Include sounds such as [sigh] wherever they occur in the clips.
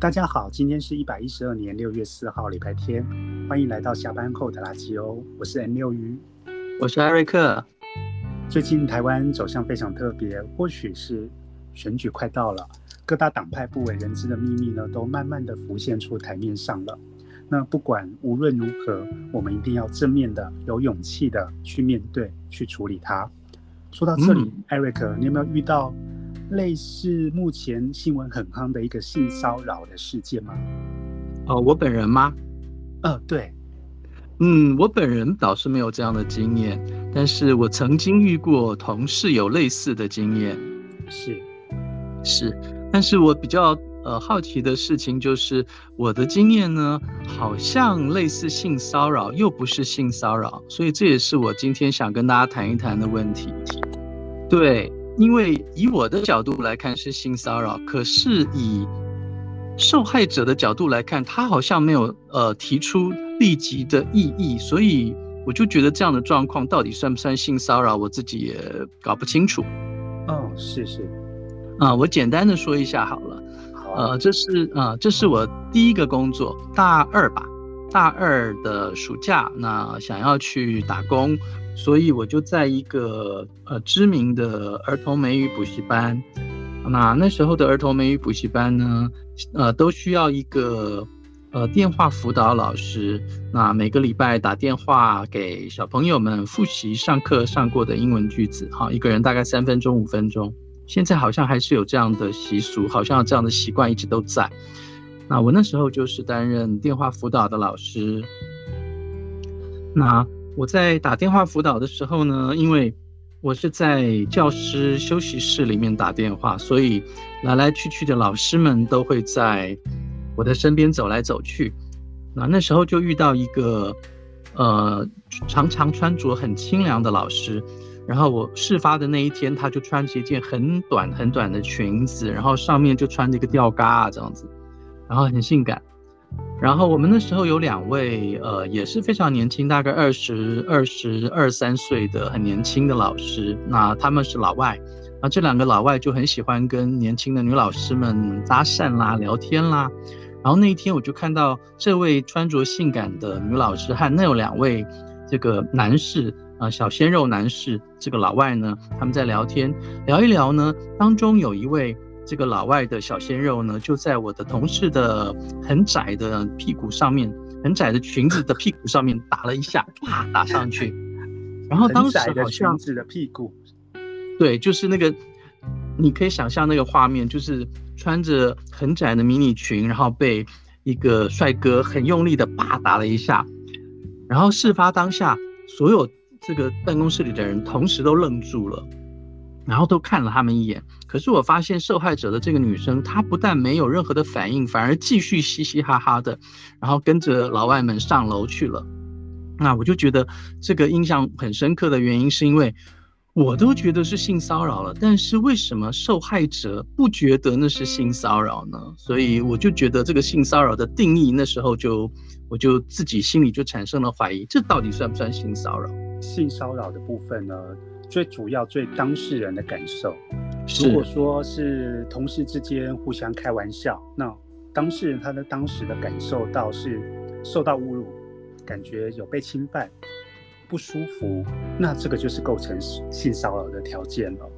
大家好，今天是一百一十二年六月四號，禮拜天，歡迎來到下班後的拉基歐，我是 N 六魚，我是艾瑞克。最近台灣走向非常特別，或許是選舉快到了，各大黨派不為人知的秘密呢，都慢慢的浮現出台面上了。那不管無論如何，我們一定要正面的，有勇氣的去面對，去處理它。說到這裡，艾瑞克，Eric, 你有沒有遇到？類似目前新聞很夯的一個性騷擾的事件嗎？哦、呃，我本人嗎？呃，對，嗯，我本人倒是沒有這樣的經驗，但是我曾經遇過同事有類似的經驗，是是，但是我比較呃好奇的事情就是我的經驗呢，好像類似性騷擾，又不是性騷擾，所以這也是我今天想跟大家談一談的問題，對。因為以我的角度來看是性騷擾，可是以受害者的角度來看，他好像沒有呃提出立即的異議，所以我就覺得這樣的狀況到底算不算性騷擾，我自己也搞不清楚。哦，是是，啊、呃，我簡單的說一下好了，好啊、呃，這是啊、呃，這是我第一個工作，大二吧。大二的暑假，那想要去打工，所以我就在一個呃知名的兒童美語補習班。那那時候的兒童美語補習班呢，呃都需要一個呃電話輔導老師，那每個禮拜打電話給小朋友們複習上課上過的英文句子，好，一個人大概三分鐘五分鐘。現在好像還是有這樣的習俗，好像這樣的習慣一直都在。那我那時候就是擔任電話輔導的老師。那我在打電話輔導的時候呢，因為，我是在教師休息室裡面打電話，所以來來去去的老師們都會在我的身邊走來走去。那那時候就遇到一個，呃，常常穿着很清涼的老師，然後我事發的那一天，他就穿着一件很短很短的裙子，然後上面就穿着一個吊嘎啊，這樣子。然後很性感，然後我們那時候有兩位，呃，也是非常年輕，大概二十二十二三歲的很年輕的老師，那他們是老外，那這兩個老外就很喜歡跟年輕的女老師們搭訕啦、聊天啦，然後那一天我就看到這位穿着性感的女老師和那有兩位這個男士啊、呃、小鮮肉男士這個老外呢，他們在聊天，聊一聊呢，當中有一位。這個老外的小鮮肉呢，就在我的同事的很窄的屁股上面，很窄的裙子的屁股上面打了一下，啪 [laughs] 打上去。然後當時好像很窄的裙子的屁股，對，就是那個，你可以想象那個畫面，就是穿着很窄的迷你裙，然後被一個帥哥很用力的啪打了一下。然後事發當下，所有這個辦公室裡的人同時都愣住了。然後都看了他們一眼，可是我發現受害者的這個女生，她不但沒有任何的反應，反而繼續嘻嘻哈哈的，然後跟着老外們上樓去了。那我就覺得這個印象很深刻的原因，是因為我都覺得是性騷擾了，但是為什麼受害者不覺得那是性騷擾呢？所以我就覺得這個性騷擾的定義，那時候就我就自己心裡就產生了懷疑，這到底算不算性騷擾？性騷擾的部分呢？最主要最當事人的感受，是如果說是同事之間互相開玩笑，那當事人他的當時的感受到是受到侮辱，感覺有被侵犯，不舒服，那這個就是構成性騷擾的條件了。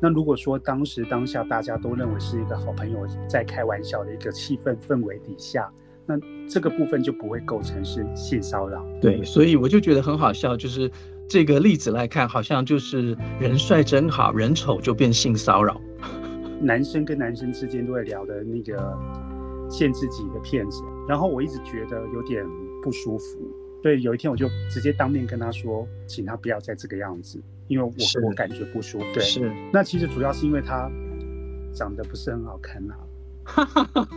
那如果說當時當下大家都認為是一個好朋友在開玩笑的一個氣氛氛圍底下，那這個部分就不會構成是性騷擾。對，嗯，所以我就覺得很好笑，就是。這個例子來看，好像就是人帥真好，人醜就變性騷擾。男生跟男生之間都會聊的那個限制級的片子，然後我一直覺得有點不舒服。對，有一天我就直接當面跟他說，請他不要再這個樣子，因為我我感覺不舒服。是。對是那其實主要是因為他長得不是很好看吶。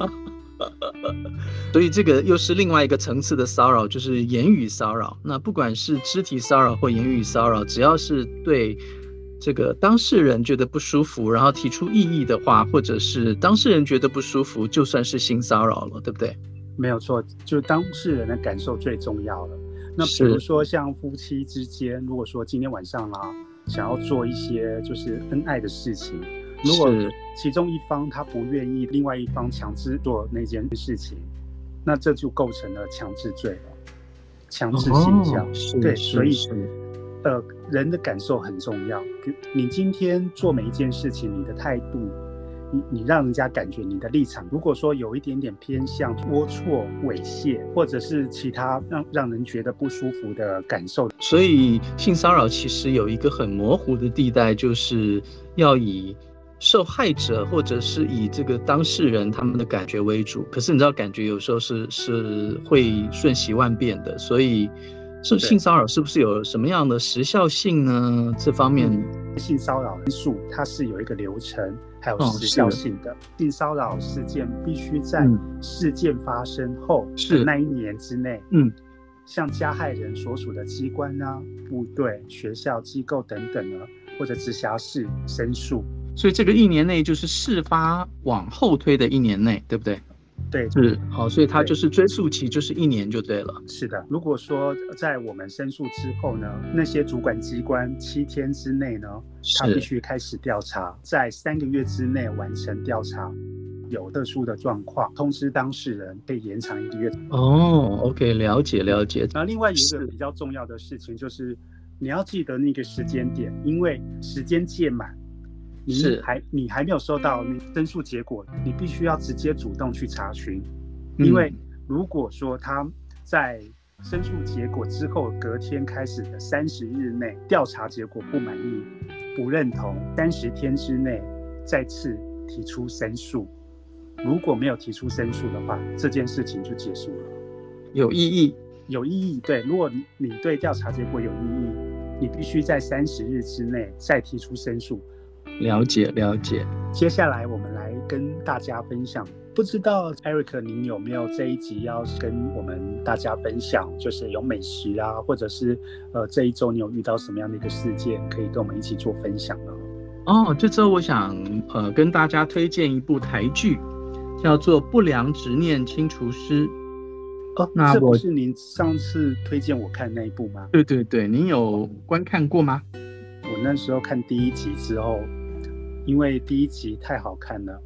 [laughs] [laughs] 所以這個又是另外一個層次的騷擾，就是言語騷擾。那不管是肢體騷擾或言語騷擾，只要是對這個當事人覺得不舒服，然後提出異議的話，或者是當事人覺得不舒服，就算是性騷擾了，對不對？沒有錯，就是當事人的感受最重要了。那比如說像夫妻之間，如果說今天晚上啊，想要做一些就是恩愛的事情。如果其中一方他不願意，另外一方強制做那件事情，那這就構成了強制罪了，強制性交，哦、對，所以，呃，人的感受很重要。你今天做每一件事情，你的態度，你你讓人家感覺你的立場，如果說有一點點偏向齷齪、猥褻，或者是其他讓讓人覺得不舒服的感受，所以性騷擾其實有一個很模糊的地帶，就是要以受害者或者是以這個當事人他們的感覺為主，可是你知道感覺有時候是是會瞬息萬變的，所以是，是性騷擾是不是有什麼樣的時效性呢？對這方面性騷擾申訴它是有一個流程，還有時效性的，哦、性騷擾事件必須在事件發生後是那一年之內，嗯，向加害人所屬的機關啊、部隊、學校、機構等等呢，或者直轄市申訴。所以這個一年內就是事發往後推的一年內，對不對？對，是好，所以他就是追溯期，就是一年就對了。是的，如果說在我們申訴之後呢，那些主管機關七天之內呢，他必須開始調查，在三個月之內完成調查。有特殊的狀況，通知當事人被延長一個月。哦，Oh，OK，了解了解。那另外一個比較重要的事情就是，是你要記得那個時間點，因為時間屆滿。是，還你還沒有收到你申訴結果，你必須要直接主動去查詢，因為如果說他在申訴結果之後隔天開始的三十日內調查結果不滿意、不認同，三十天之內再次提出申訴，如果沒有提出申訴的話，這件事情就結束了。有異議，有異議，對，如果你對調查結果有異議，你必須在三十日之內再提出申訴。了解，了解，了解。接下來我們來跟大家分享。不知道 Eric，您有沒有這一集要跟我們大家分享？就是有美食啊，或者是呃，這一周你有遇到什麼樣的一個事件，可以跟我們一起做分享呢？哦，這周我想呃，跟大家推薦一部台劇，叫做《不良執念清除師》。哦，那我這不是您上次推薦我看的那一部嗎？對對對，您有觀看過嗎？我那時候看第一集之後。因為第一集太好看了，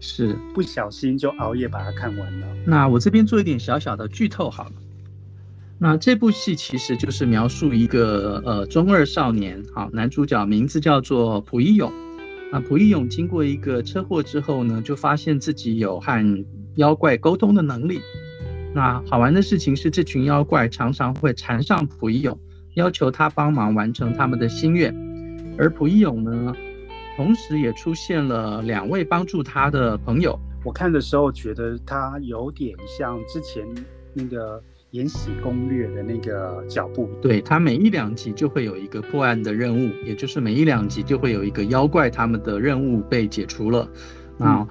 是不小心就熬夜把它看完了。那我這邊做一點小小的劇透好了。那這部戲其實就是描述一個呃中二少年，好，男主角名字叫做朴一勇。啊，朴一勇經過一個車禍之後呢，就發現自己有和妖怪溝通的能力。那好玩的事情是，這群妖怪常常會纏上朴一勇，要求他幫忙完成他們的心願。而朴一勇呢，同時也出現了兩位幫助他的朋友。我看的時候覺得他有點像之前那個《延禧攻略》的那個腳步，對，他每一兩集就會有一個破案的任務，也就是每一兩集就會有一個妖怪他們的任務被解除了。那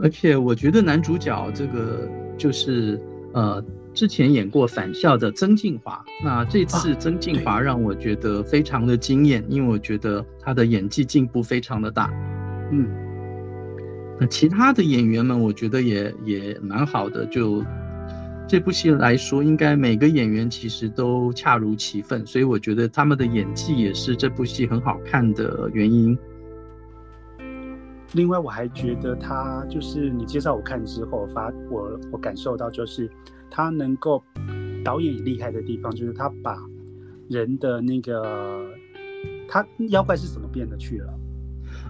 而且我覺得男主角這個就是呃。之前演過《返校》的曾靜華，那這次曾靜華讓我覺得非常的驚豔，因為我覺得他的演技進步非常的大。嗯，那其他的演員們，我覺得也也蠻好的。就這部戲來說，應該每個演員其實都恰如其分，所以我覺得他們的演技也是這部戲很好看的原因。另外，我還覺得他就是你介紹我看之後，发我我感受到就是。他能夠導演厲害的地方，就是他把人的那個，他妖怪是怎麼變得去了？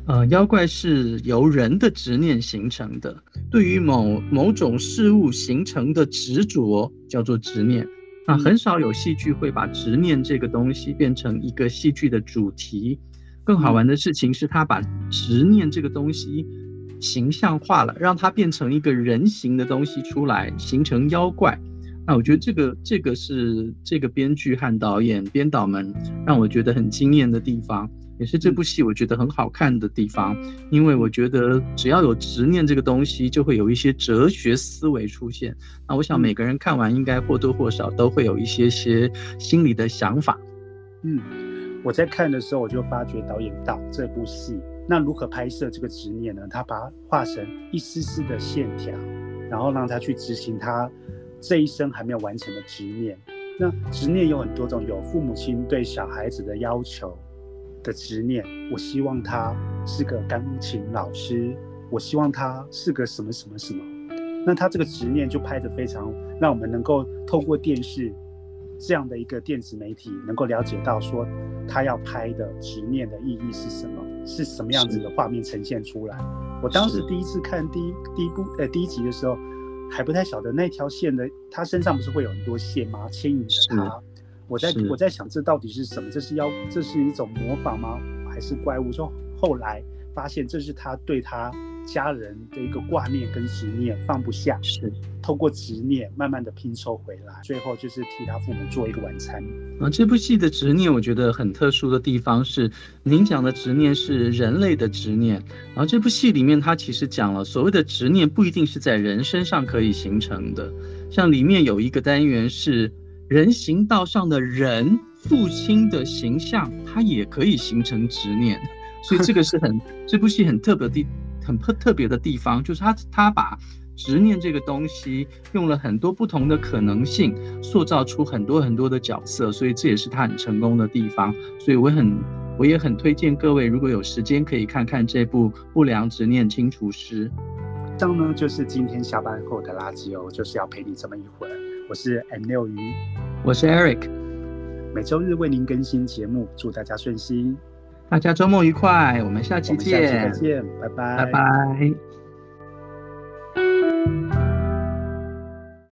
呃，妖怪是由人的執念形成的，對於某某種事物形成的執着叫做執念。那很少有戲劇會把執念這個東西變成一個戲劇的主題。更好玩的事情是，他把執念這個東西。形象化了，讓它變成一個人形的東西出來，形成妖怪。那我覺得這個這個是這個編劇和導演、編導們讓我覺得很驚艷的地方，也是這部戲我覺得很好看的地方。因為我覺得只要有執念這個東西，就會有一些哲學思維出現。那我想每個人看完應該或多或少都會有一些些心裡的想法。嗯，我在看的時候我就發覺導演到這部戲。那如何拍攝這個執念呢？他把它畫成一絲絲的線條，然後讓他去執行他這一生還沒有完成的執念。那執念有很多種，有父母親對小孩子的要求的執念。我希望他是個鋼琴老師，我希望他是個什麼什麼什麼。那他這個執念就拍得非常，讓我們能夠透過電視。這樣的一個電子媒體能夠了解到，說他要拍的局面的意義是什麼，是什麼樣子的畫面呈現出來。是我當時第一次看第一第一部呃第一集的時候，還不太曉得那條線的，他身上不是會有很多線嗎？牽引着他。是我在我在想這到底是什麼？這是要這是一種模仿嗎？還是怪物？說後來發現這是他對他。家人的一個掛念跟執念放不下，是，嗯，通過執念慢慢的拼湊回來，最後就是替他父母做一個晚餐。然後這部戲的執念，我覺得很特殊的地方是，您講的執念是人類的執念。然後這部戲裡面，它其實講了所謂的執念不一定是在人身上可以形成的，像裡面有一個單元是人行道上的人父親的形象，它也可以形成執念，所以這個是很 [laughs] 這部戲很特別的。很特特別的地方就是他他把執念這個東西用了很多不同的可能性，塑造出很多很多的角色，所以這也是他很成功的地方。所以我很我也很推薦各位，如果有時間可以看看這部《不良執念清除師》。這樣呢，就是今天下班後的拉基歐，就是要陪你這麼一會兒。我是 M 六魚，我是 Eric，每周日為您更新節目，祝大家順心。大家周末愉快，我們下期見！我們下期再見，拜拜，拜拜。